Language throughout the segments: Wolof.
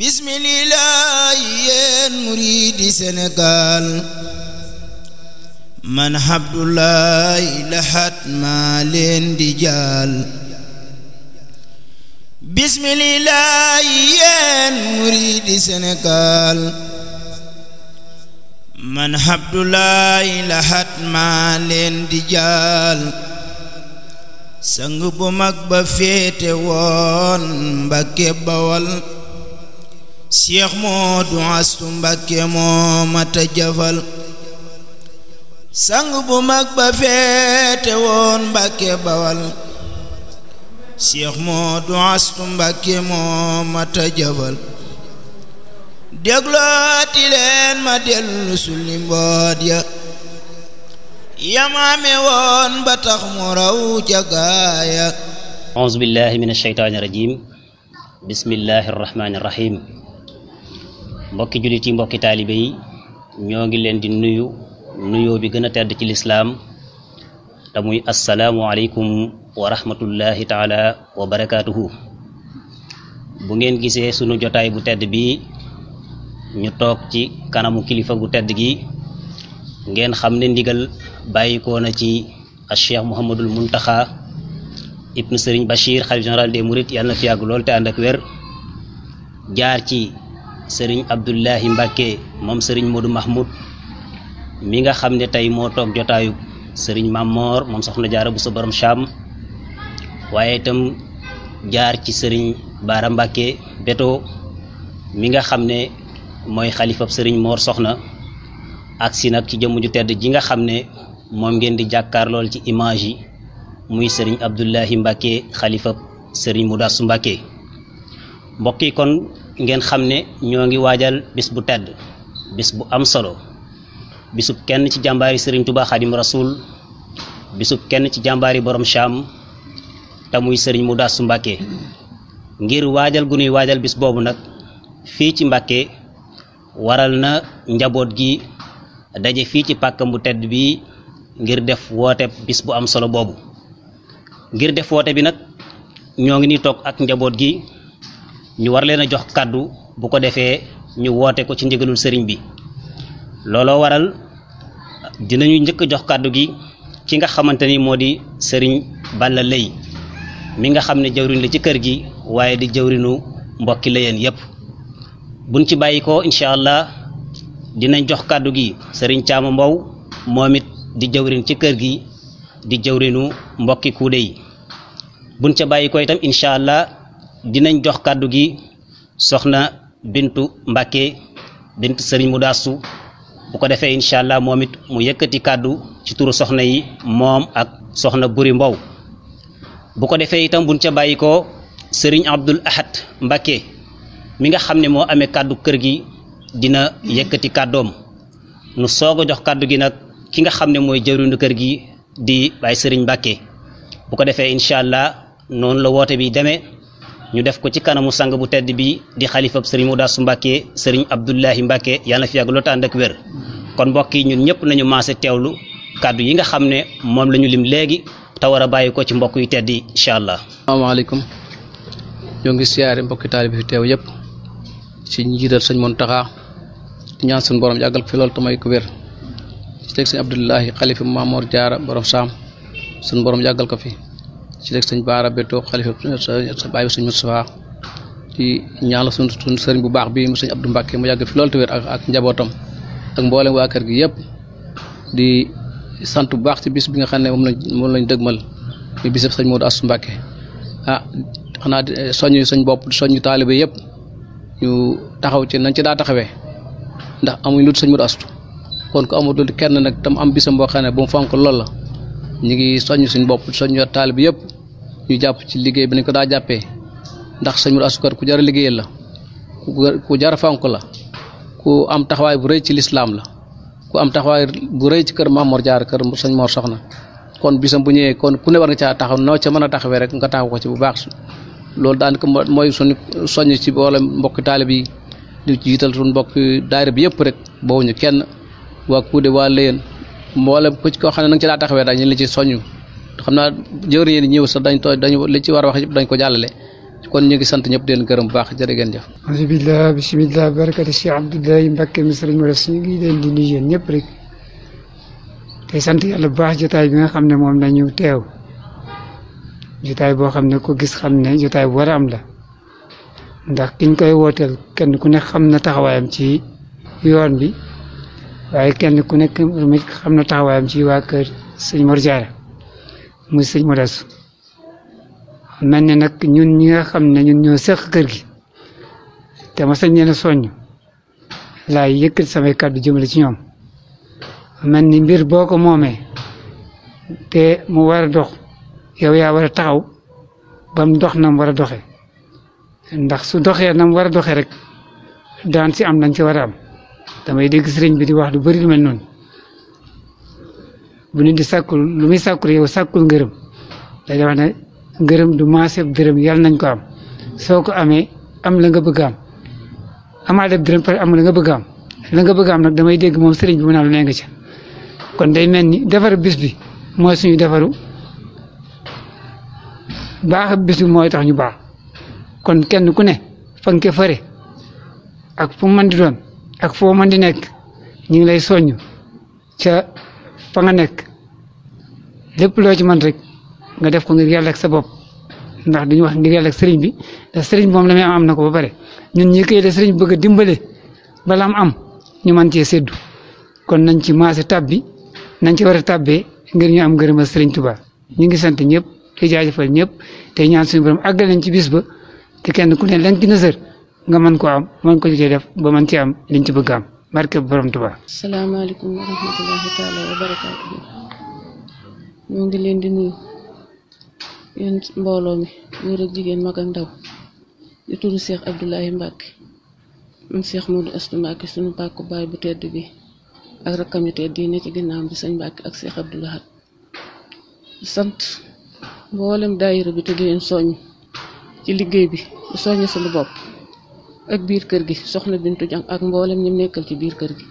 bismillah yéen muridi Sénégal man Abdoulaye Lahat maa leen di jaal bismillah yéen muridi Sénégal man Abdoulaye leen di jaal sang bu mag ba féete woon Mbakke Bawal Cheikh Modou Astou Mbacké moo mata jëfal sang bu mag ba feete woon Mbacké Bawal Cheikh Modou Astou Mbacké moo mata jëfal déglooti leen ma dellu sulli mboot ya yamaame woon ba tax mu raw ca gaaya auzu billahi min ashaytaani rajim bismillahi mbokki jullit yi mbokki taalibe yi ñoo ngi leen di nuyu nuyoo bi gën a tedd ci lislaam te muy assalaamu aleykum wa rahmatullahi taala bu ngeen gisee sunu jotaay bu tedd bi ñu toog ci kanamu kilifa gu tedd gi ngeen xam ne ndigal bàyyikoo na ci cheikh muhammadul muntaxa ibnu sëriñ bachir xalif général des mourides yàlla na fi yàgg lool te ànd ak wér jaar ci sëriñ Abdullahi Mbacke moom sëriñ Modou Mahmoud mi nga xam ne tey moo toog jotaayu sëriñ Mamor moom soxna jaara bu sa borom Cham waaye itam jaar ci sëriñ Baara Mbacke Beto mi nga xam ne mooy xalifab sëriñ moor soxna ak si nag ci jëmm ju tedd ji nga xam ne moom ngeen di jàkkaarlool ci image yi muy sëriñ Abdullahi Mbacke xalifab sëriñ Mudasu Mbacke mbokk kon. ngeen xam ne ñoo ngi waajal bis bu tedd bis bu am solo bisub kenn ci jàmbaari Serigne Touba Xadim Rasoul bisub kenn ci jàmbaari borom Cham te muy Serigne Moudassu Mbacke ngir waajal gu nuy waajal bis boobu nag fii ci Mbacke waral na njaboot gi daje fii ci pàkkam bu tedd bi ngir def woote bis bu am solo boobu ngir def woote bi nag ñoo ngi ni toog ak njaboot gi. ñu war leen a jox kàddu bu ko defee ñu woote ko ci ndigalul sëriñ bi looloo waral dinañu njëkk jox kàddu gi ki nga xamante ni moo di sëriñ Balla Lay mi nga xam ne jawriñ la ci kër gi waaye di jawriñu mbokki layeen yépp buñ ci bàyyi incha allah dinañ jox kàddu gi sëriñ Caama Mbow moom it di jawriñ ci kër gi di jawriñu mbokki kuude yi buñ ca bàyyi ko itam incha allah dinañ jox kàddu gi soxna bintu mbake bintu sëriñ Mudaasu bu ko defee incha allah moom it mu yëkkati kàddu ci turu soxna yi moom ak soxna buri mbow bu ko defee itam buñ ca bàyyi sëriñ Abdul Ahad mbake mi nga xam ne moo amee kaddu kër gi dina yëkkati kàddoom nu soog a jox kàddu gi nag ki nga xam ne mooy jëwriñu kër gi di Baay Sëriñ mbake bu ko defee incha allah noonu la woote bi demee ñu def ko ci kanamu sang bu tedd bi di xalifa xalifab sëriñ Modaas Mbàkke sëriñ Abdullahi Mbàkke yàlla na fi yàgg loo ànd ak wér kon mbokk yi ñun ñëpp nañu maase teewlu kàddu yi nga xam ne moom lañu lim léegi te war a bàyyi ko ci mbokk yu tedd yi incha allah. asalaamaaleykum ñoo ngi siyaare mbokki taalibe fi teew yëpp ci njiital sëñ Muntaxa di ñaan suñu borom yàggal fi loolu tamay ko wér ci teg sëñ Abdullahi xalifa Maamoor Jaara borom saam suñu borom yàggal ko fi. ci leeg sëñ Baara Beto xalifa bàyyi bi sëñ Moustapha ci ñaanal suñ suñ sëriñ bu baax bi mu sëñ Abdou Mbacke mu yàgg fi loolu te wér ak ak njabootam ak mboolem waa kër gi yëpp di sant bu baax ci bis bi nga xam ne moom lañ moom lañ dëgmal muy bisab sëñ Modou Assou Mbacke ah xanaa eh, soññu sëñ bopp soññu taalibe yëpp ñu taxaw ci nañ ci daa taxawe ndax amuñ lu sëñ Modou Assou kon ko amul kenn nag tam am bisam boo xam ne bu mu fonk lool la ñu ngi soññ suñ bopp soññ taal bi yëpp ñu jàpp ci liggéey bi nañ ko daa jàppee ndax sëñ Modou Assoukar ku jar liggéeyal la ku jara fonk la ku am taxawaay bu rëy ci lislaam la ku am taxawaay bu rëy ci kër Mamor Jaar kër sëñ Mor Soxna kon bisam bu ñëwee kon ku ne war nga caa taxaw noo ca mën a taxawee rek nga taxaw ko ci bu baax loolu daanaka mooy suñu soññ ci wala mbokki taalib yi di jiital suñu mbokki daayira bi yëpp rek boobu ñu kenn waa Kuude waa Léyen mboolem ko koo xam ne nanga ci daa taxawee dañ la ci soñu xam naa jëwri yéen ñëw sax dañ too dañu li ci war a wax yëpp dañ ko jàllale kon ñu ngi sant ñëpp di gërëm bu baax jërë ngeen jëf alhamdulilah bisimilah barakati Cheikh Abdoulaye Mbacke mi sëriñ Mor ñu ngi leen di nuyu yéen ñëpp rek tey sant yàlla bu baax jotaay bi nga xam ne moom nañu teew jotaay boo xam ne ko gis xam ne jotaay bu war a am la ndax kiñ koy wooteel kenn ku ne xam na taxawaayam ci yoon bi waaye kenn ku nekk xam na taxawaayam ci waa kër sëñ Mor Diarra muy sëñ Modasu mel ne nag ñun ñi nga xam ne ñun ñoo seq kër gi te ma sëñ leen a soññ laay yëkkat samay kàddu jëmale ci ñoom mel ni mbir boo ko moomee te mu war a dox yow yaa war a taxaw ba mu dox na war a doxee ndax su doxee na war a doxee rek daan si am nañ ci war a am. damay dégg sëriñ bi di wax lu bari du mel noonu bu nit di sàkkul lu muy sàkkul yow sàkkul ngërëm day wax ne ngërëm du maase maaseb dërëm yàlla nañ ko am soo ko amee am la nga bëgg am amaat ab dërëm pare am la nga bëgg am la nga bëgg am nag damay dégg moom sëriñ bi mu naan lu nee nga ca kon day mel defar defaru bi mooy suñu defaru baax bis mooy tax ñu baax kon kenn ku ne fa ko fëre ak fu mu mën doon. ak foo mën di nekk ñu ngi lay soññ ca fa nga nekk lépp loo ci mën rek nga def ko ngir yàlla ak sa bopp ndax duñu wax ngir yàlla sëriñ bi ndax sëriñ moom la muy am na ko ba pare ñun ñi koy de sëriñ bëgg a dimbale bala am ñu mën cee séddu kon nañ ci maase tab bi ci war a tabbee ngir ñu am ma sëriñ tubaa ñu ngi sant ñëpp di jaajëfal ñëpp te ñaan suñu borom àggal nañ ci bis ba te kenn ku ne lañ ci nësër nga man ko am mën ko ci def ba mën ci am liñ ci bëgg am barke borom Tuubaa. salaamaaleykum wa rahmatulahi taala wa barakaatu ngi leen di nuyu yéen mbooloo mi góor ak jigéen mag ak ndaw di tudd Cheikh Abdoulahi Mbacke man Cheikh Modou Astou Mbacke suñu bàkku baay bu tedd bi ak rakkam yu tedd yi ne ci ginnaaw bi sëñ Mbacke ak Cheikh Abdoulahat sant mboolem daayira bi te di soññ ci liggéey bi soññ suñu bopp. ak biir kër gi soxna Bintu Jang ak mboolem ñim nekkal ci biir kër gi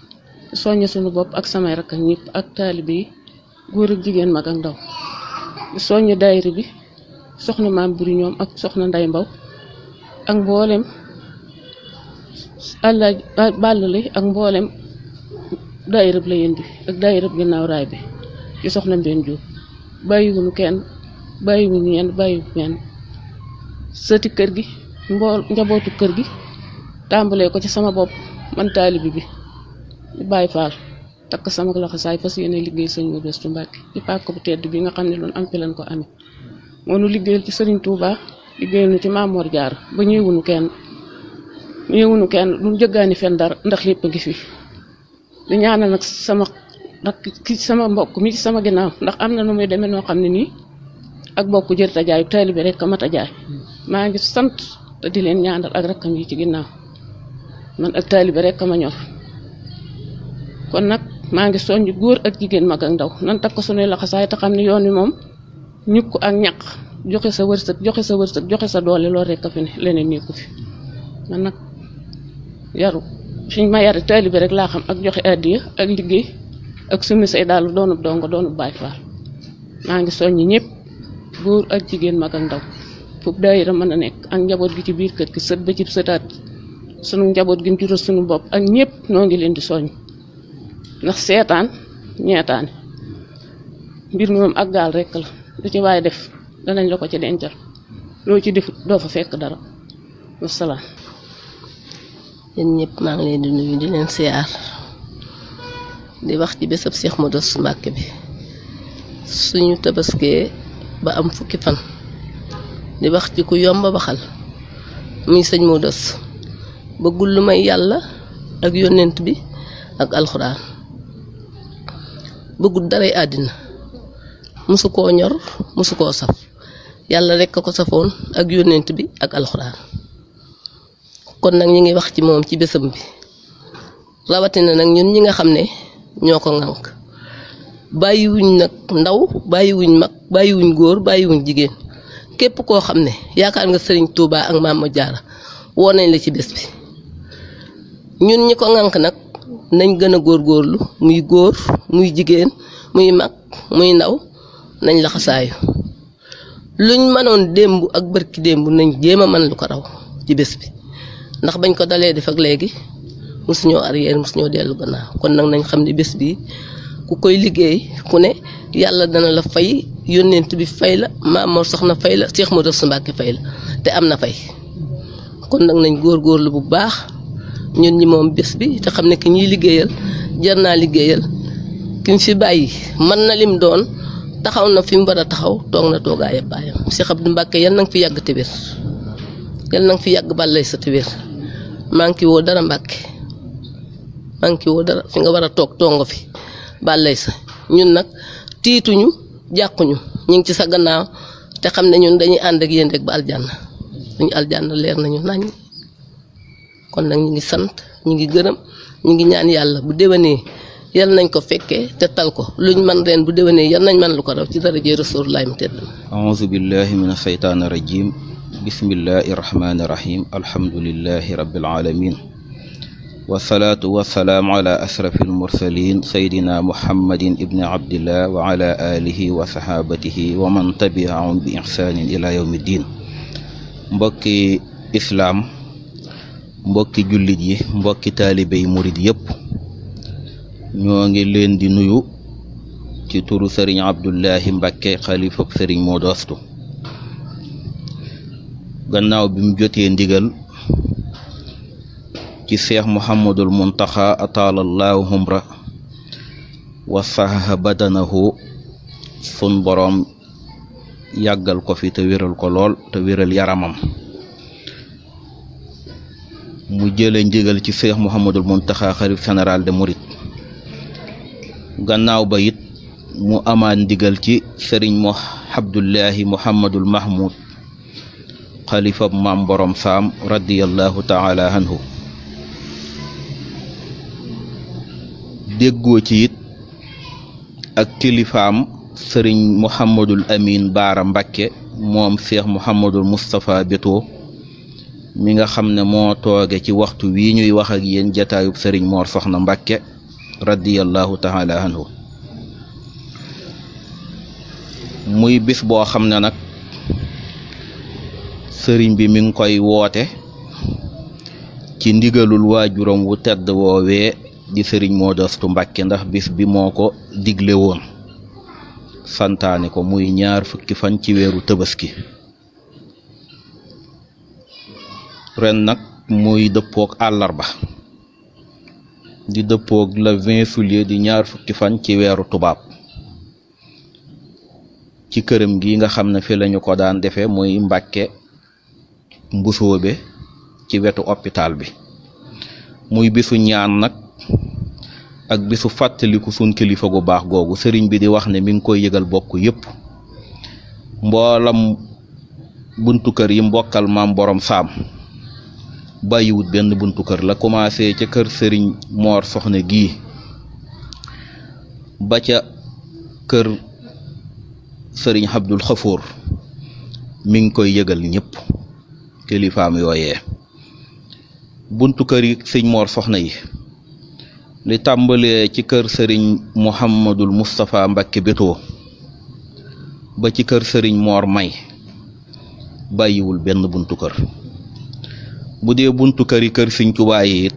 soñña suñu bopp ak samay rakk ak ak taalibe yi góor ak jigéen mag ak ndaw soñña daayira bi soxna maam buri ñoom ak soxna nday mbaw ak mboolem àllaaj bàll li ak mboolem daayirab la yéen bi ak daayirab ginnaaw raay bi ci soxna mbenn jóob bàyyiwuñu kenn bàyyiwuñu yenn bàyyiwu kenn sëti kër gi mbool njabootu kër gi tàmbalee ko ci sama bopp man taalibi bi di Baay Faal takk sama laxasaay fas yéene liggéey sëñ Moodu Béstu Mbàkke ci pàkk bu tedd bi nga xam ne doon am fi lañ ko amee moo nu liggéeyal ci sëriñ Touba liggéeyal nu ci Maamoor Jaar ba ñëwunu kenn ñëwunu kenn lu jëggaani fen dara ndax lépp a ngi fi di ñaanal nag sama rak sama mbokk mi ci sama ginnaaw ndax am na nu muy demee noo xam ne nii ak bokk jërta jaay taalibe rek a mat a jaay maa ngi sant te di leen ñaanal ak ci ginnaaw man ak taalibe rek ma ñor kon nag maa ngi soññ góor ak jigéen mag ak ndaw nan takk sunuy laxasaay te xam ne yoon wi moom ñukk ak ñaq joxe sa wërsëg joxe sa wërsëg joxe sa doole loolu rek fi ne leneen nekku fi man nag yaru fiñ ma yare taalibe rek laa xam ak joxe addiya ak liggéey ak summi say daalu doonub dongo doonub baay faal maa ngi soññ ñëpp góor ak jigéen mag ak ndaw foofu daayira mën a nekk ak njaboot gi ci biir kër gi sët ba ci sëtaat sunu njaboot gi ñu jural sunu bopp ak ñépp noo ngi leen di soññ ndax seetaan ñeetaane mbir moom ak gaal rekk la lu ci waaye def danañ la ko ci dencal loo ci def doo fa fekk dara wasalaam. yéen ñëpp maa ngi leen di nuyu di leen siyaar di wax ci bésab Seex Modos Mbàkke bi suñu tabaskee ba am fukki fan di wax ci ku yomba waxal muy sëñ Modos. bëggul lu may yàlla ak yonent bi ak alxuraan bëggul daray àddina mosu koo ñor mosu koo saf yàlla rekk a ko safoon ak yonent bi ak alxuraan kon nag ñu ngi wax ci moom ci bésam bi rawatina nag ñun ñi nga xam ne ñoo ko ŋànk bàyyiwuñ nag ndaw bàyyiwuñ mag bàyyiwuñ góor bàyyiwuñ jigéen képp koo xam ne yaakaar nga sëriñ tuubaa ak Mama Diarra woo nañ la ci bés bi ñun ñi ko ŋànk nag nañ gën a góor góorlu muy góor muy jigéen muy mag muy ndaw nañ laxasaayu luñ mënoon démb ak bërki démb nañ jéem a mën lu ko raw ci bés bi ndax bañ ko dalee def ak léegi mosuñoo arrière mosuñoo dellu gannaaw kon nag nañ xam ni bés bii ku koy liggéey ku ne yàlla dana la fay yónneent bi fay la Maamoor Soxna fay la Cheikh Modou Mbacke fay la te am na fay kon nag nañ góorgóorlu bu baax ñun ñi moom bés bi te xam ne ki ñuy liggéeyal jar naa liggéeyal ki ñu fi bàyyi man na lim doon taxaw na fi mu war a taxaw toog na toogaayam baayam Cheikh Abdou Mbacke yal na nga fi yàgg te wér yal na nga fi yàgg bàllay sa te wér maa woo dara Mbacke maa ngi woo nga war a toog tongo fi bàllay sa ñun nag tiituñu jàquñu ñu ngi ci sa gannaaw te xam ne ñun dañuy ànd ak yéen rek ba aljanna suñu aljanna leer nañu nañ kon nag ñu ngi sant ñu ngi gërëm ñu ngi ñaan yàlla bu déwénee yal nañ ko fekkee te tal ko luñ man ren bu déwénee yal nañ man lu ko raw ci daraje Rasulullah mu tedd aouzu billahi min asheytaani rajim bismillahi rahmaani rahim alhamdulillahi rabbil alamin ala ashrafi almursalin saydina muhammadin ibni abdillah wa ala alihi wa sahaabatihi wa bi ihsaanin ila yawmi ddin mbokki jullit yi mbokki taalibe murit yépp ñoo ngi leen di nuyu ci turu sëriñ Abdullahi Mbàkke xalifa sëriñ Modou gannaaw bi mu jotee ndigal ci seex Muhammadul Muntaxa ataalallahu umra wa badanahu sun boroom yàggal ko fi te wéral ko lool te wéral yaramam mu jële ndigal ci seex Muhammadul Muntaxa xalif général de Mouride gannaaw ba it mu amaat ndigal ci sëriñ mo Abdullahi Muhammadul Mahmoud xalifab maam borom saam radiyallahu taala anhu déggoo ci it ak kilifaam sëriñ Muhammadul Amin Baara Mbakke moom seex Muhammadul Moustapha Beto. mi nga xam ne moo tooge ci waxtu wi ñuy wax ak yéen jataayub sëriñ moor soxna mbàkke radiallahu taala muy bis boo xam ne nag sëriñ bi mi ngi koy woote ci ndigalul waajuram wu tedd woowee di sëriñ moo dostu mbàkke ndax bis bi moo ko digle woon santaane ko muy ñaar fukki fan ci weeru tëbaski ren nag muy dëppook àllarba di dëppook la vingt juillet di ñaar fukki fan ci weeru tubaab ci këram gi nga xam ne fi lañu ko daan defee muy mbàkke mbusoobe ci wetu hôpital bi muy bisu ñaan nag ak bisu fàttaliku suñ kilifa gu baax googu sëriñ bi di wax ne mi ngi koy yëgal bokk yépp mboolam buntu kër yi mbokkal maam boroom saam bàyyiwul benn buntu kër la commencé ca kër sëriñ moor soxna gii ba ca kër sëriñ Abdul Xafoor mi ngi koy yëgal ñëpp kilifaam yooyee buntu kër yi moor soxna yi li tàmbalee ci kër sëriñ Muhammadul Moustapha Mbacke Beto ba ci kër sëriñ moor may bàyyiwul benn buntu kër bu dee buntu kër yi kër Sëñ Tuubaa yi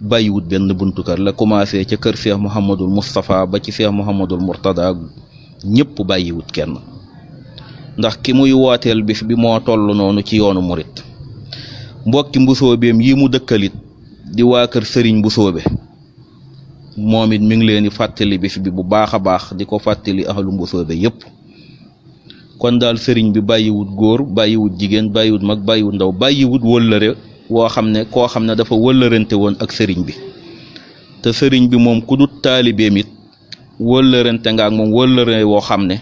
bàyyiwut benn buntu kër la commencé ca kër Cheikh Mouhamadul Moustapha ba ci seex Mouhamadul Mourtada ñëpp bàyyiwut kenn ndax ki muy wooteel bis bi moo toll noonu ci yoonu murit mbokki mbusoobeem yi mu dëkkalit di waa kër sëriñ mbusoobe moom it mu ngi leen di fàttali bis bi bu baax a baax di ko fàttali axalu mbusoobe yépp kon daal sëriñ bi bàyyiwut góor bàyyiwut jigéen bàyyiwut mag bàyyiwut ndaw bàyyiwut wëllëre woo xam ne koo xam ne dafa wëllërante woon ak sëriñ bi te sëriñ bi moom ku dut taalibeem it wëllërante nga moom wëllëre woo xam ne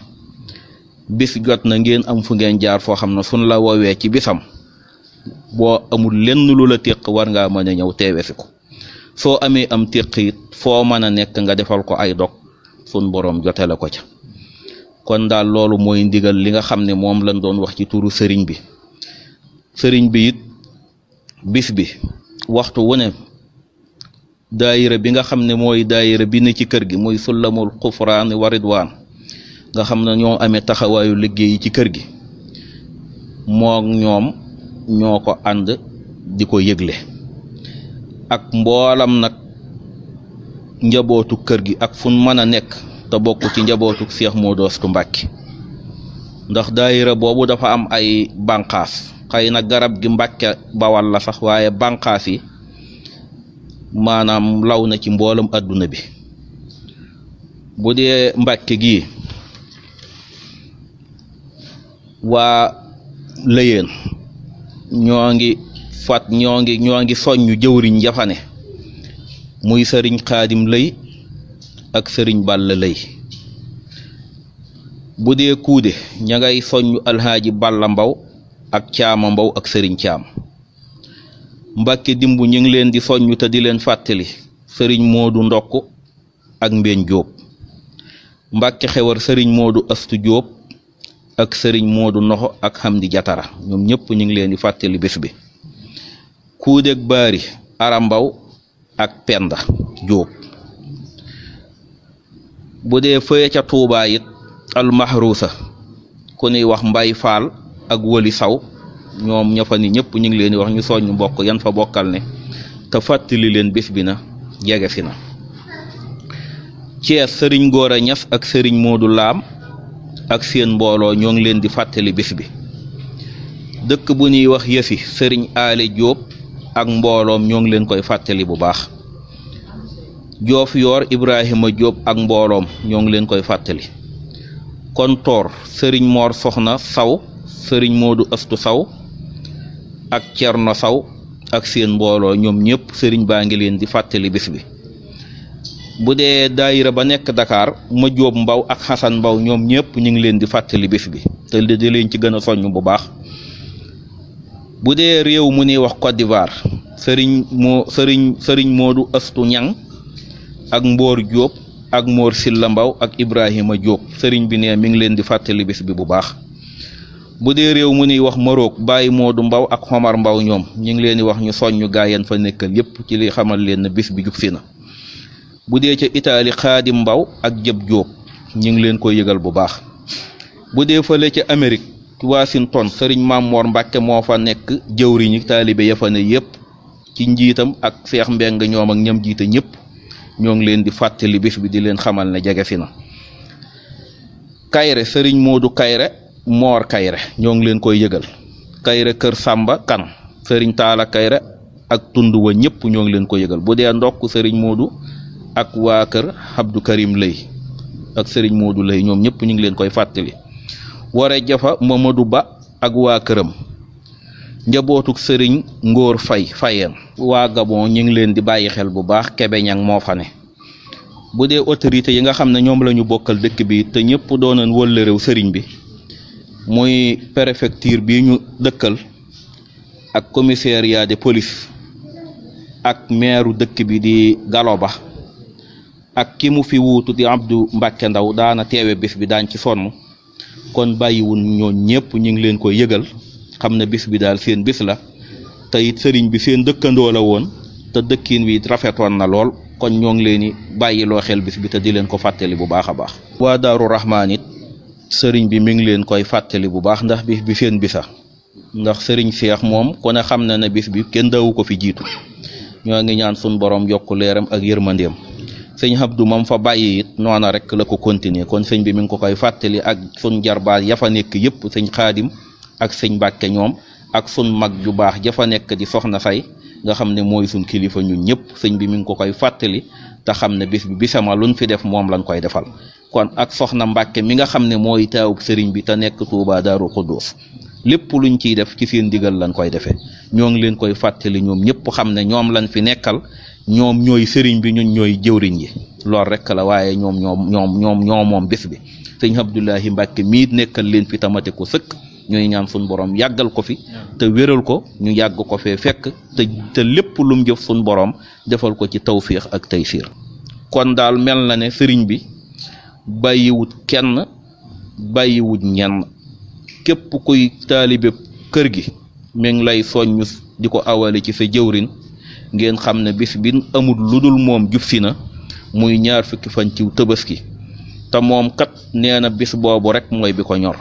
bis jot na ngeen am fu ngeen jaar foo xam ne suñ la woowee ci bisam boo amul lenn lu la téq war ngaa mën a ñëw teewe si ko soo amee am téq it foo mën a nekk nga defal ko ay dog sun boroom jote la ko ca kon daal loolu mooy ndigal li nga xam ne moom lañ doon wax ci tuuru sëriñ bi sëriñ bi it bis bi waxtu wu ne daayira bi nga xam ne mooy daayira bi ne ci kër gi muy sullamul xufraan wa ridwaan nga xam ne ñoo amee taxawaayu liggéey yi ci kër gi moo ñoom ñoo ko ànd di ko yëgle ak mboolam nag njabootu kër gi ak fu mën a nekk te bokk ci njabootu Seex Moodu Astu Mbàkke ndax daayira boobu dafa am ay bànqaas xëy na garab gi mbàcce bawal la sax waaye bànqaas yi maanaam law na ci mboolam àdduna bi bu dee mbàcce gii waa lëyeen ñoo ngi fat ñoo ngi ñoo jëwriñ jafane muy sëriñ xaadim lëy ak sëriñ balla lëy bu dee kuude ña ngay soññ alxaaji bàlla mbaw ak caama mbaw ak sëriñ caam mbàkke dimbu ñu ngi leen di soññ te di leen fàttali sëriñ moodu ndokk ak mbeen jóob mbàkke xewar sëriñ moodu astu jóob ak sëriñ moodu noxo ak xamdi jatara ñoom ñépp ñu ngi leen di fàttali bés bi kuudeg baari arambaw ak penda jóob bu dee fëye ca tuubaayit it ku nuy wax mbay faal ak wëli saw ñoom ña fa ni ñëpp ñu ngi leen di wax ñu soññ mbokk yan fa bokkal ne te fàttali leen bés bi na jege si na Cees sëriñ Góor a ak sëriñ Moodu Laam ak seen mbooloo ñoo ngi leen di fàttali bés bi dëkk bu ñuy wax yëfi sëriñ ale Jóob ak mbooloom ñoo ngi leen koy fàttali bu baax joof yoor Ibrahima Jóob ak mbooloom ñoo ngi leen koy fàttali kontoor sëriñ Moor Soxna Saw sëriñ Modou Astu Saw ak Cerno Saw ak seen mbooloo ñoom ñëpp sëriñ baa ngi leen di fàttali bis bi bu dee daayira ba nekk dakaar ma jóob mbaw ak xasan mbaw ñoom ñëpp ñu ngi leen di fàttali bis bi te di leen ci gën a soññ bu baax bu dee réew mu ni wax Côte sëriñ moo sëriñ sëriñ Moodu Astu Ñang ak Mboor Jóob ak Moor Silla Mbaw ak Ibrahima Jóob sëriñ bi ne mi ngi leen di fàttali bis bi bu baax bu dee réew mu nuy wax Maroc bàyyi moo du Mbaw ak Xomar Mbaw ñoom ñu ngi leen di wax ñu soññu gaa yeen fa nekkal yépp ci li xamal leen ne bis bi jub na bu dee ca itali Xaadim Mbaw ak Jëb Jóob ñu ngi leen ko yëgal bu baax bu dee fële ca amerig ci Washington sëriñ Mamor Mbàkke moo fa nekk jëwriñu taalibe ya fa ne yépp ci njiitam ak Seex Mbeng ñoom ak ñam jiite ñépp ñoo ngi leen di fàttali bis bi di leen xamal na jege si na Kayre sëriñ Modou Kayre Mor Kayre ñoo ngi leen koy yëgal Kayre Kër sàmba Kan sëriñ Taala Kayre ak tund wa ñëpp ñoo ngi leen ko yëgal bu dee ndokk Serigne Modou ak waa kër Abdou Karim Lay ak Serigne Modou Lay ñoom ñëpp ñu ngi leen koy fàttali ware jafa Mamadou Ba ak waa këram njabootuk sëriñ Ngor Fay Fayeen waa Gabon ñu ngi leen di bàyyi xel bu baax Kebe Ñang moo fa ne bu dee autorité yi nga xam ne ñoom la ñu bokkal dëkk bi te ñëpp doonoon wëllërew sëriñ bi muy préfecture bi ñu dëkkal ak commissariat de police ak meeru dëkk bi di ba ak ki mu fi wuutu di Abdou Mbacke Ndaw daana teewe bis bi daañ ci sonn kon bàyyiwun ñoo ñëpp ñu ngi leen ko yëgal xam ne bis bi daal seen bis la te it sëriñ bi seen dëkkandoo la woon te dëkkin wi rafetoon na lool kon ñoo ngi leen di bàyyiloo xel bis bi te di leen ko fàttali bu baax a baax waa Daaru Rahmaan it sëriñ bi mi ngi leen koy fàttali bu baax ndax bis bi seen bi sax ndax sëriñ seex moom ku ne xam na ne bis bi kenn dawu ko fi jiitu ñoo ngi ñaan suñ borom yokk leeram ak yërmandeem sëñ du mam fa bàyyi it noona rek la ko continuer kon sëñ bi mi ngi ko koy fàttali ak suñ jarbaar ya fa nekk yëpp sëñ xaadim ak sëñ Mbàkke ñoom ak suñ mag ju baax ja fa nekk di soxna say nga xam ne mooy suñ kilifa ñun ñëpp sëñ bi mi ngi ko koy fàttali te xam ne bis bi bisama luñ fi def moom lañ koy defal kon ak soxna Mbàkke mi nga xam ne mooy taawub sëriñ bi te nekk Tuubaa Daaru Xuddoos lépp luñ ciy def ci seen digal lañ koy defee ñoo ngi leen koy fàttali ñoom ñëpp xam ne ñoom lañ fi nekkal ñoom ñooy sëriñ bi ñu ñooy jëwriñ yi loolu rek la waaye ñoom ñoom ñoom ñoom ñoo moom bis bi sëñ Abdoulahi Mbàkke mii nekkal leen fi tamate ko sëkk ñooy ñaan suñ borom yàggal ko fi te wéral ko ñu yàgg ko fee fekk te lépp lum jëf suñ borom defal ko ci tawfiix ak taysiir kon daal mel na ne sëriñ bi bàyyiwut kenn bàyyiwut ñenn képp kuy taalibe kër gi mi ngi lay soññ di ko awale ci sa jëwrin ngeen xam ne bis bi amul lu dul moom jub si na muy ñaar fukki fan ci tëbaski te moom kat nee na bis boobu rek mooy bi ko ñor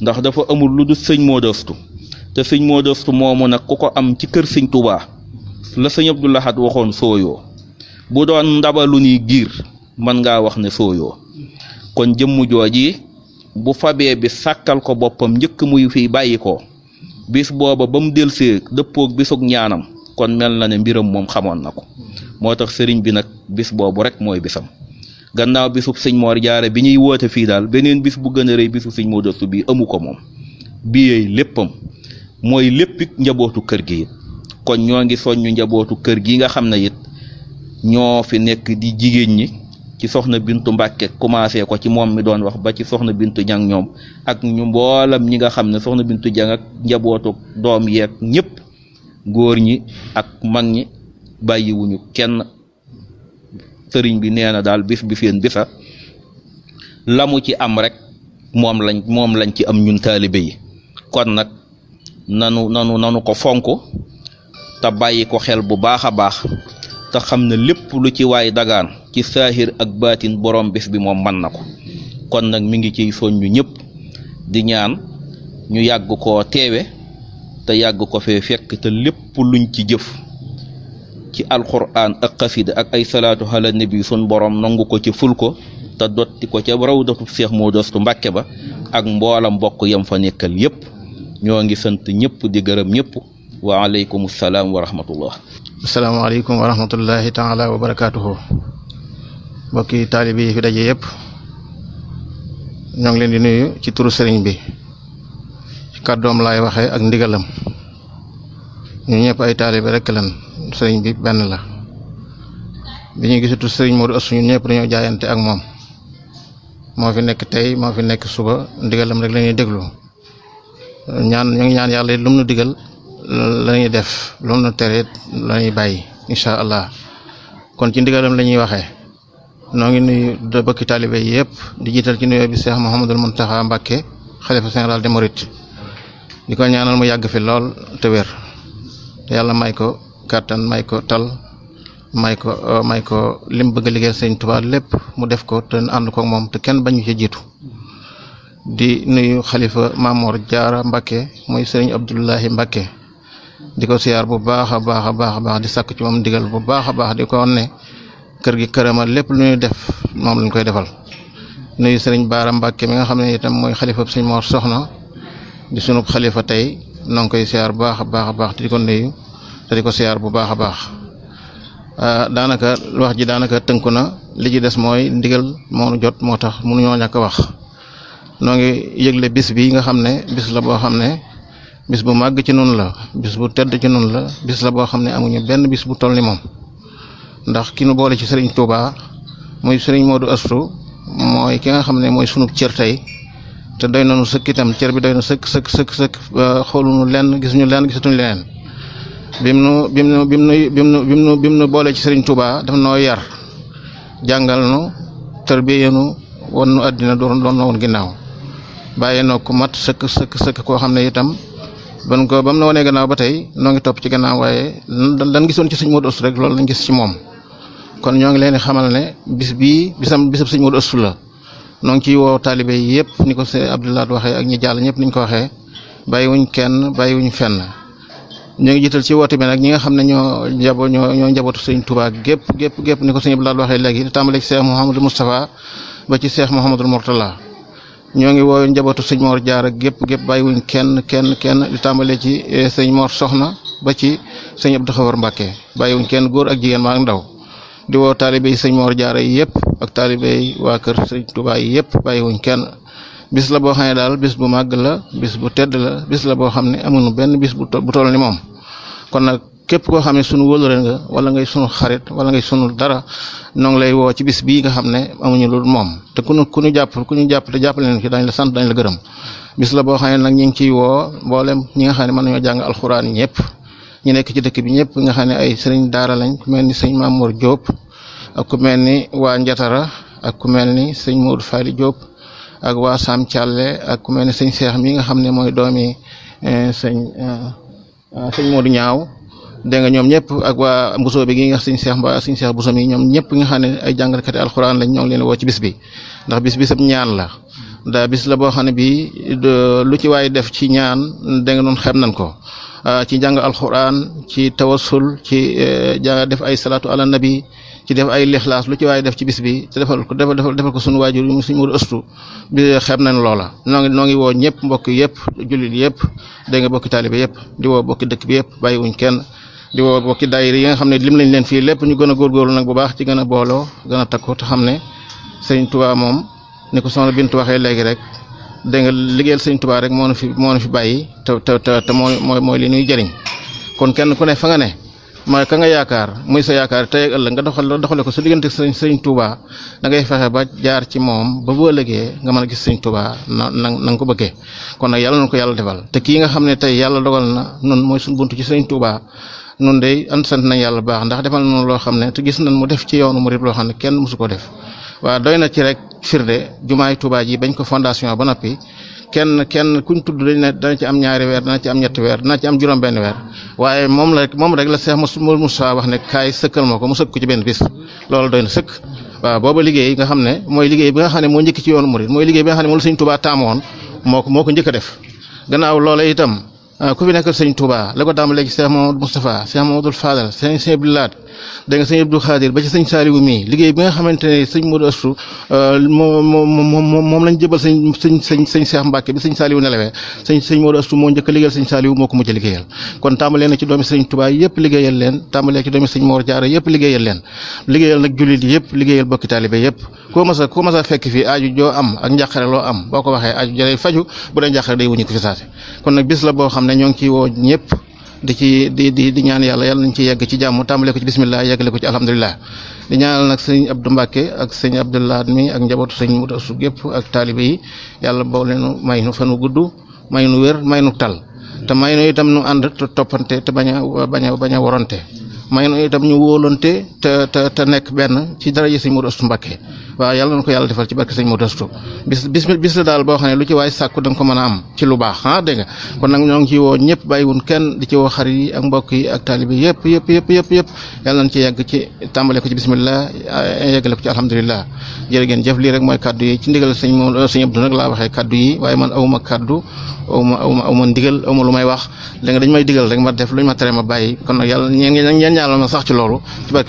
ndax dafa amul lu du sëñ Moodostu te sëñ Moodostu moomu nag ku ko am ci kër sëñ Tuubaa la sëñ Abdou Lahad waxoon sooyoo bu doon ndabalu ni giir man ngaa wax ne sooyoo kon jëmm jooji bu fabee bi sàkkal ko boppam njëkk muy fiy bàyyi ko bis booba ba mu delsee dëppoog bisug ñaanam kon mel na ne mbiram moom xamoon na ko moo tax sëriñ bi nag bis boobu rek mooy bisam gannaaw bisub sëñ moor Jaara bi ñuy woote fii daal beneen bis bu gën a rëy bisu sëñ Moo Dëstu bi amu ko moom bi yooyu léppam mooy lépp njabootu kër gi it kon ñoo ngi soññu njabootu kër gi nga xam ne yit ñoo fi nekk di jigéen ñi ci soxna Bintu Mbàkke commencé ko ci moom mi doon wax ba ci soxna Bintu Jang ñoom ak ñu mboolam ñi nga xam ne soxna Bintu Jang ak njabootu doom yeeg ñëpp góor ñi ak mag ñi bàyyiwuñu kenn. sëriñ bi nee na daal bis bi feen bisa la mu ci am rek moom lañ moom lañ ci am ñun taalibe yi kon nag nanu nanu ko fonk te bàyyi ko xel bu baax a baax te xam na lépp lu ci waay dagaan ci saahir ak baatin boroom bis bi moom mën na ko kon nag mu ngi ciy soññu ñëpp di ñaan ñu yàgg koo teewe te yàgg ko fee fekk te lépp luñ ci jëf ci alquran ak xasida ak ay salaatu ala nabi sun boroom nangu ko ci ful ko te dotti ko ca rawdatu seex moo dostu mbàkke ba ak mboolam mbokk yam fa nekkal yépp ñoo ngi sant ñëpp di gërëm ñëpp wa aleykum salaam wa rahmatullah asalaamaaleykum wa rahmatullahi taala wa barakaatuhu mbokki taalibe fi daje yëpp ñoo ngi leen di nuyu ci turu sëriñ bi ci kàddoom laay waxee ak ndigalam ñu ñëpp ay taalibe rekk lan sëriñ bi benn la bi ñu gisatu sëriñ Modou Astou ñun ñëpp dañoo jaayante ak moom moo fi nekk tey moo fi nekk suba ndigalam rek la ñuy déglu ñaan ñu ngi ñaan yàlla lu mu nu digal la ñuy def lu mu nu tere la bay bàyyi allah kon ci ndigalam la ñuy waxee noo ngi nuyu da bëkki taalibe yëpp di jiital ci nuyoo bi Cheikh Mouhamadul Mountakha Mbacké xalifa général des Mourides di ko ñaanal mu yàgg fi lool te wér. yàlla may ko kàttan may ko tal may ko euh, may ko lim bëgg a liggéeyal sëñ Tuubaa lépp mu def ko te ànd ko moom te kenn bañu ci jiitu di nuyu xalifa Mamour Jaara Mbacke muy sëriñ Abdoulahi mbakke di ko siyaar bu baax a baax a baax a baax di sakku ci moom digal bu baax a baax di ko ne kër gi kërama lépp lu ñuy def moom lañ koy defal nuyu sëriñ Baara Mbacke mi nga xam ne itam mooy xalifa sëñ Mor Soxna di sunub xalifa tey noo ngi koy siyaar bu baax a baax a baax te di ko nuyu te di ko siyaar bu baax a baax ah, daanaka wax ji daanaka tënku na li ci des mooy ndigal moo jot moo tax mënuñoo ñàkk a wax noo ngi yëgle bis bi nga xam ne bis la boo xam ne bis bu màgg ci nun la bis bu tedd ci nun la bis la boo xam ne amuñu benn bis bu toll ni moom ndax ki nu boole ci sëriñ Touba muy sëriñ Modou Astou mooy ki nga xam ne mooy sunub cër tey te doy nañu sëkk itam cër bi doy na sëkk sëkk sëkk sëkk xooluñu lenn gisuñu lenn gisatuñu leneen bim nu bim nu bim boole ci Serigne Touba daf noo yar jàngal nu tarbiyee nu won nu àddina doon doon na woon ginnaaw bàyyi noo ko mat sëkk sëkk sëkk koo xam ne itam ban ko ba mu na wanee gannaaw ba tey noo ngi topp ci gannaaw waaye lan gisoon ci Serigne Modou Astou rek loolu lañ gis ci moom kon ñoo ngi leen di xamal ne bis bii bisam bisab Serigne Modou Astou la noo ngi ciy woo taalibe yi yëpp ni ko sëñ waxee ak ñi jàll ñëpp ni ñu ko waxee bàyyiwuñ kenn bàyyiwuñ fenn ñoo ngi jital ci woote bi nag ñi nga xam ne ñoo njabo ñoo ñoo njabootu sëñ Touba gépp gépp gépp ni ko sëñ Abdou Lahad waxee léegi tàmbale ci Cheikh Mouhamadou Moustapha ba ci Cheikh Mouhamadou Mourtala ñoo ngi woo njabootu sëñ Mor Diarra gépp gépp bàyyiwuñ kenn kenn kenn li tàmbale ci eh, sëñ Mor Soxna ba ci sëñ Abdou Xawar Mbacke bàyyiwuñ kenn góor ak jigéen maa ak ndaw di woo taalibe yi sëñ Mor Jaara yëpp ak taalibe yi waa kër sëñ Tuubaa yi yëpp bàyyiwuñ kenn bis la boo xam ne daal bis bu màgg la bis bu tedd la bis la boo xam ne amuñu benn bis bu toll ni moom kon nag képp koo xam ne sunu wóolure nga wala ngay sunu xarit wala ngay sunu dara noo ngi lay woo ci bis bii nga xam ne amuñu lu moom te ku ñu ku ñu jàpp ku ñu jàpp te jàppale leen ci dañ la sant dañ la gërëm bis la boo xam ne nag ñu ngi ciy woo mboolem ñi nga xam ne mën nañoo jàng alxuraan ñëpp ñu nekk ci dëkk bi ñëpp nga xam ne ay sëriñ daara lañ ku mel ni sëñ Mamour Diop ak ku mel ni waa Njatara ak ku mel ni sëñ Mour Fadi Diop ak waa Sam Thialé ak ku mel ni sëñ seex mi nga xam ne mooy doomi eh, sëñ eh, sëñ Modou Ñaaw dégg nga ñoom ñëpp ak waa Mbuso bi gi nga sëñ seex Mba seex Cheikh Bousso mi ñoom ñëpp nga xam ne ay jàngalkati alxuraan lañ ñoo leen woo ci bis bi ndax bis bi sab ñaan la daa bis la boo xam ne bii lu ci waay def ci ñaan da nga noon nañ ko Ah, ci jàng alxuraan ci tawassul ci eh, jàng def ay salaatu ala nabi ci def ay lixlaas lu ci waaye def ci bis bi te defal ko defal defal ko sunu waajur yi suñu mur ëstu bi xeeb nañ loola noo ngi noo ngi woo ñëpp mbokk yëpp jullit yëpp da nga bokki taalibe yëpp di woo bokki dëkk bi yëpp bàyyiwuñ kenn di woo bokki daayira yi nga xam ne lim lañ leen fii lépp ñu gën a góorgóorlu nag bu ci gën a booloo gën a takku te xam ne sëriñ Tuubaa moom ni ko soxna Bintu waxee léegi rek dégg nga liggéeyal sëñ Tuubaa rek moo nu fi moo nu fi bàyyi te te te mooy mooy mooy li ñuy jariñ kon kenn ku ne fa nga ne maa ka nga yaakaar muy sa yaakaar tey ak ëllëg nga doxal doxale ko su diggante sëñ sëñ Tuubaa dangay fexe ba jaar ci moom ba bu ëllëgee nga mën a gis sëñ Tuubaa na nan nga ko bëggee kon nag yalla na ko yàlla defal te kii nga xam ne tey yàlla dogal na noonu mooy suñu buntu ci sëñ Tuubaa nun day an nañ yàlla baax ndax defal nañu loo xam ne te gis nañ mu def ci yoonu murid loo xam ne kenn mosu ko def waaw doy na ko fondation ba noppi kenn kenn kuñ tudd dañ ne dana am ñaari weer dana ci am ñetti weer dana ci am juróom-benn weer waaye moom la moom wax ne kaay sëkkal ma ko mu sëkk ko ci benn bis loolu doy na sëkk waaw booba liggéey nga xam ne mooy liggéey bi nga xam ne moo njëkk ci yoonu murid mooy liggéey bi nga xam ne moom la Sëñ Tuubaa taamoon moo ko moo ko njëkk a def gannaaw loola itam Ah, ku fi nekkal sëñ Touba la ko dàmbalee ci Cheikh Mamadou Moustapha Cheikh Mamadou Fadal sëñ Sëñ Bilaat dégg nga sëñ Abdou Khadir ba ci sëñ Saliou mii liggéey ba nga xamante ne sëñ Modou Astou moom euh, moom moom lañ jëbal sëñ sëñ sëñ sëñ Cheikh Mbacke bi sëñ Saliou nelawee sëñ sëñ Modou Astou moo njëkk a liggéeyal sëñ Saliou moo ko mujj a liggéeyal kon tàmbalee na ci doomi sëñ Touba yëpp liggéeyal leen tàmbalee ci doomi sëñ Mor Diarra yëpp liggéeyal leen liggéeyal nag jullit yëpp liggéeyal bokki taalibe yëpp ko mas a koo a fekk fi aaju joo am ak njàqare loo am boo ko waxee aaju jëlay faju bu dee njàqare day wuñu ko fi saate kon nag bis la boo xam ne ñoo ngi ciy woo ñëpp di ci di di di ñaan yàlla yàlla nañ ci yegg ci jàmm tàmbale ko ci bismillah yeggale ko ci alhamdulilah di ñaanal nag sëñ Abdou Mbacke ak sëñ Abdoulaye mi ak njabootu sëñ Mutasu gépp ak taalibe yi yàlla boo leen may nu fanu gudd may nu wér may nu tal te may nu itam nu ànd toppante te bañ a bañ a bañ a warante may nu itam ñu wóolante te te nekk benn ci dara ji sëñ Modou Astou Mbacké waaw yàlla na ko yàlla defal ci barke sëñ Modou Astou bis bis la daal boo xam ne lu ci waay sàkku da nga ko mën a am ci lu baax ah dégg nga kon nag ñoo ngi ci woo yëpp yëpp yëpp yëpp yëpp yàlla ci yegg ci tàmbale ko ci bismillah eh, eh, yeggale ko ci alhamdulilah jërë ngeen jëf lii rek mooy kaddu yi ci ndigal sëñ moom eh, sëñ Abdou nag laa waxee kaddu yi waaye man awma kaddu awma awma awma ndigal awma lu may wax da nga dañ may digal rek ma def luñ ma tere ma bàyyi ñaanal ma loolu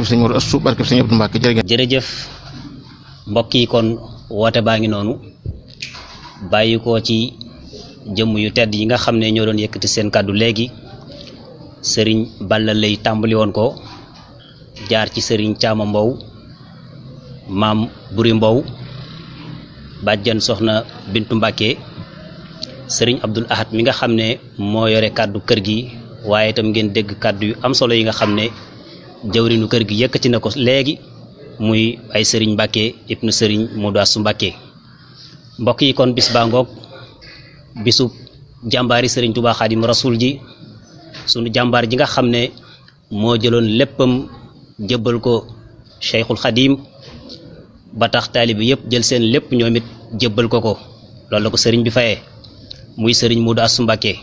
ci barkeb sëñ jërëjëf mbokk yi kon woote baa ngi noonu bàyyi ko ci jëmm yu tedd yi nga xam ne ñoo doon yëkkati seen kàddu léegi sëriñ Balla lay tàmbali woon ko jaar ci sëriñ Caama Mbow maam Buri Mbow bàjjan soxna Bintu Mbacke sëriñ Abdul Ahad mi nga xam ne moo yore kàddu kër gi waaye itam ngeen dégg kàddu yu am solo yi nga xam ne jawrinu kër gi yëkkati na ko léegi muy ay sëriñ Mbàkke nu sëriñ Modou Mbàkke mbokk yi kon bis baa ngoog bisu jàmbaari sëriñ Tuubaa Xaadim Rasuul ji sunu jàmbaar ji nga xam ne moo jëloon léppam jëbbal ko Cheikhul Xadim ba tax taalibi yëpp jël seen lépp ñoom it jëbbal ko ko loolu la ko sëriñ bi fayee muy sëriñ Modou Mbàkke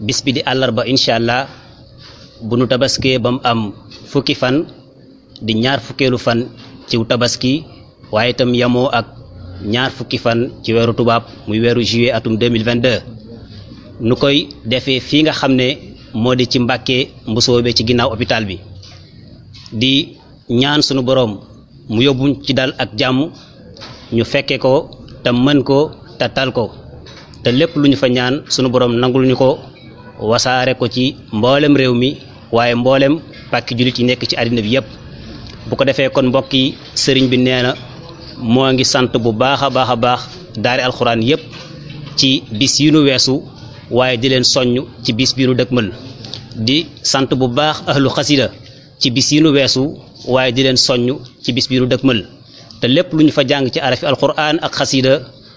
bis bi di àllarba incha allah bu nu tabaskee ba mu am fukki fan di ñaar fukkeelu fan ciw tabaski waaye itam yamoo ak ñaar fukki fan ci weeru tubaab muy weeru juillet atum 2022 nu koy defee fii nga xam ne moo di ci Mbàkke Mbusoobe ci ginnaaw hôpital bi di ñaan sunu boroom mu yóbbuñ ci dal ak jàmm ñu fekkee ko tam mën ko te tal ko te lépp lu ñu fa ñaan sunu boroom nangul ñu ko wasaare ko ci mboolem réew mi waaye mboolem pàkki jullit yi nekk ci àddina bi yëpp bu ko defee kon mbokk yi sëriñ bi nee na moo ngi sant bu baax a baax a baax daari alxuraan yëpp ci bis yi nu weesu waaye di leen soññ ci bis bi nu dëkkmal di sant bu baax ahlu xasida ci bis yi weesu waaye di leen soññ ci bis bi nu dëkkmal te lépp lu ñu fa jàng ci arafi alxuraan ak xasida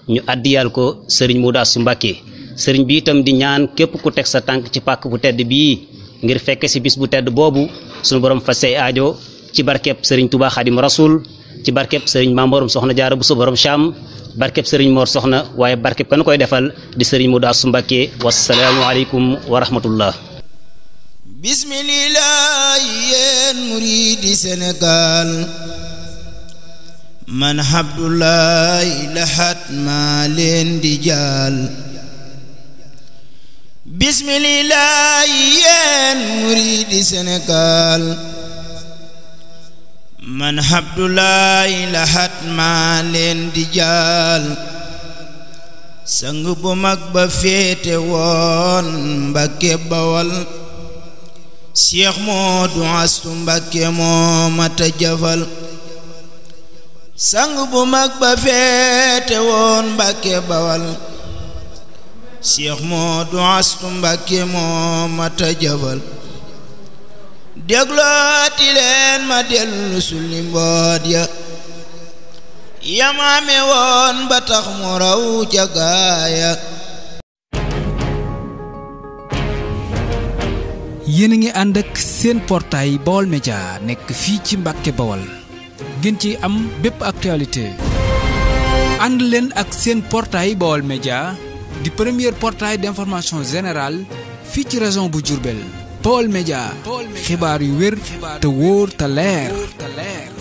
ñu àddiyaal ko sëriñ Modou Astou Mbacké sëriñ bi itam di ñaan képp ku teg sa tànk ci pàkk bu tedd bii ngir fekke si bis bu tedd boobu suñu borom faj say aajo ci barkeb sëriñ Touba Xadim Rasul ci barkeb sëriñ Mamborum soxna jaara bu su borom Cham barkeb sëriñ Mor soxna waaye barkeb kan koy defal di sëriñ Modou su Mbacké wasalaamu aleykum wa rahmatullah bismillah yéen muridi Sénégal man Abdoulaye Lahat maa leen di jaal bismillah yéen muridi Sénégal man Abdoulaye Lahat maa leen di jaal sang bu mag ba féete woon Mbakke Bawal Cheikh Modou Astou Mbakke moo mata jafal sang bu mag ba féete woon Mbakke Bawal Cheikh Modou Astou Mbacké moo mata jabal déglooti leen ma dellu sulli ya yamaame woon ba tax mu raw ca gaaya yéen ngi ànd ak seen portail Baol Média nekk fii ci Mbàkke Bawol ngeen ci am bépp actualité ànd leen ak seen portail Baol Média di premier portail d'information générale fii ci région bu Diourbel Baol Média xibaar yu wér te wóor te leer